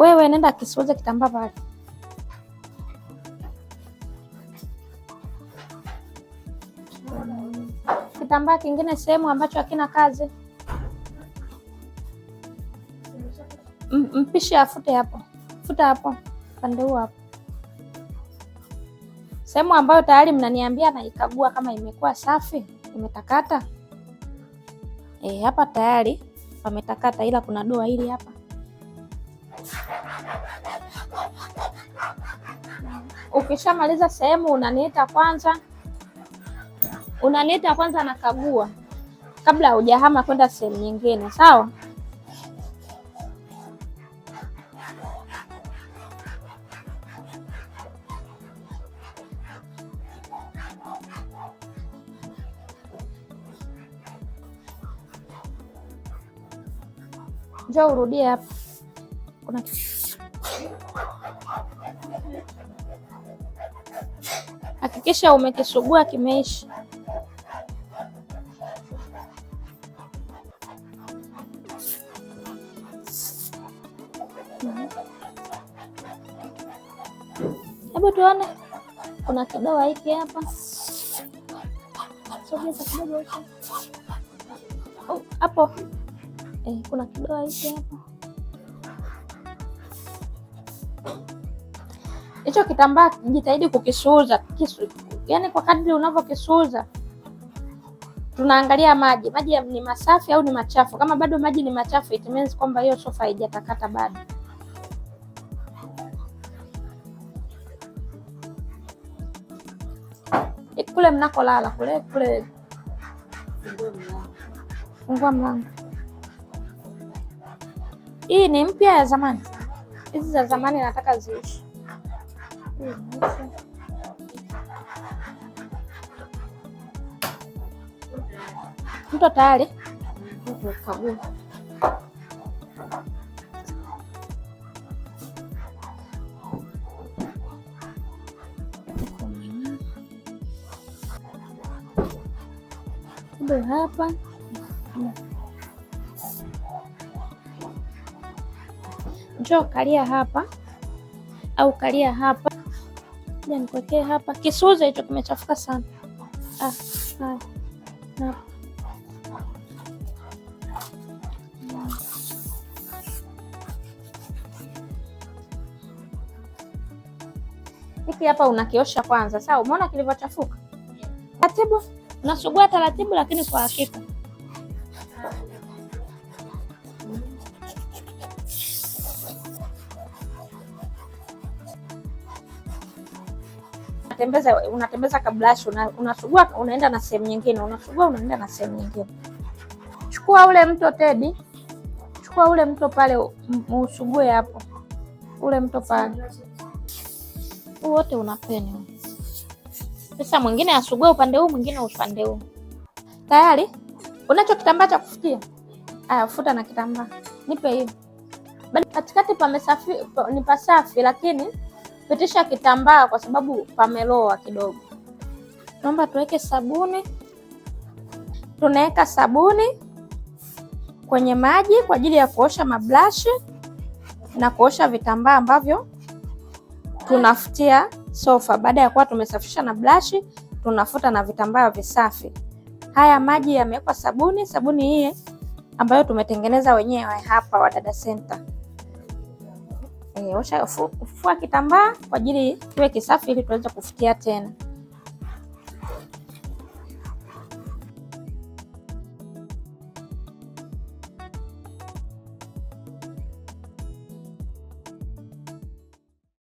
Wewe nenda kisiwaze kitambaa pale. Kitambaa kingine sehemu ambacho hakina kazi. mpishi afute hapo, futa hapo pande huo hapo, sehemu ambayo tayari mnaniambia naikagua kama imekuwa safi imetakata. E, hapa tayari pametakata, ila kuna doa hili hapa. Ukishamaliza sehemu unaniita kwanza, unaniita kwanza, nakagua kabla hujahama kwenda sehemu nyingine, sawa? Njoo urudie hapa. Kuna hakikisha umekisugua kimeisha. Hebu tuone, kuna kidoa hiki hapa. Sogeza kidogo oh, hapo. Eh, kuna kidoa hiki hapa. Hicho kitambaa jitahidi kukisuuza kisu, yaani kwa kadri unavyokisuuza tunaangalia maji, maji ni masafi au ni machafu. Kama bado maji ni machafu, it means kwamba hiyo sofa haijatakata bado. Eh, kule mnakolala kule kule, fungua mlango. Hii ni mpya ya zamani. Hizi za zamani nataka ziishi. Mto tayari hapa Njoo kalia hapa au kalia hapa, ja nikwekee hapa. Kisuza hicho kimechafuka sana. Ah, ah, ah. Hiki hapa unakiosha kwanza, sawa? Umeona kilivyochafuka? Taratibu, unasugua taratibu, lakini kwa hakika unatembeza unatembeza una, unasugua unaenda na sehemu nyingine, unasugua unaenda na sehemu nyingine. Chukua ule mto Tedi, chukua ule mto pale usugue hapo, ule mto pale wote unapeni. Sasa mwingine asugue upande huu, mwingine upande huu. Tayari unacho kitambaa cha kufutia? Aya, futa na kitambaa, nipe hivi. Katikati pamesafi, ni pasafi lakini pitisha kitambaa kwa sababu pameloa kidogo. Naomba tuweke sabuni, tunaweka sabuni kwenye maji kwa ajili ya kuosha mablashi na kuosha vitambaa ambavyo tunafutia sofa. Baada ya kuwa tumesafisha na blashi, tunafuta na vitambaa visafi. Haya maji yamewekwa sabuni, sabuni hii ambayo tumetengeneza wenyewe hapa Wadada Center. E, eh, osha fua kitambaa kwa ajili kiwe kisafi ili tuweze kufikia tena.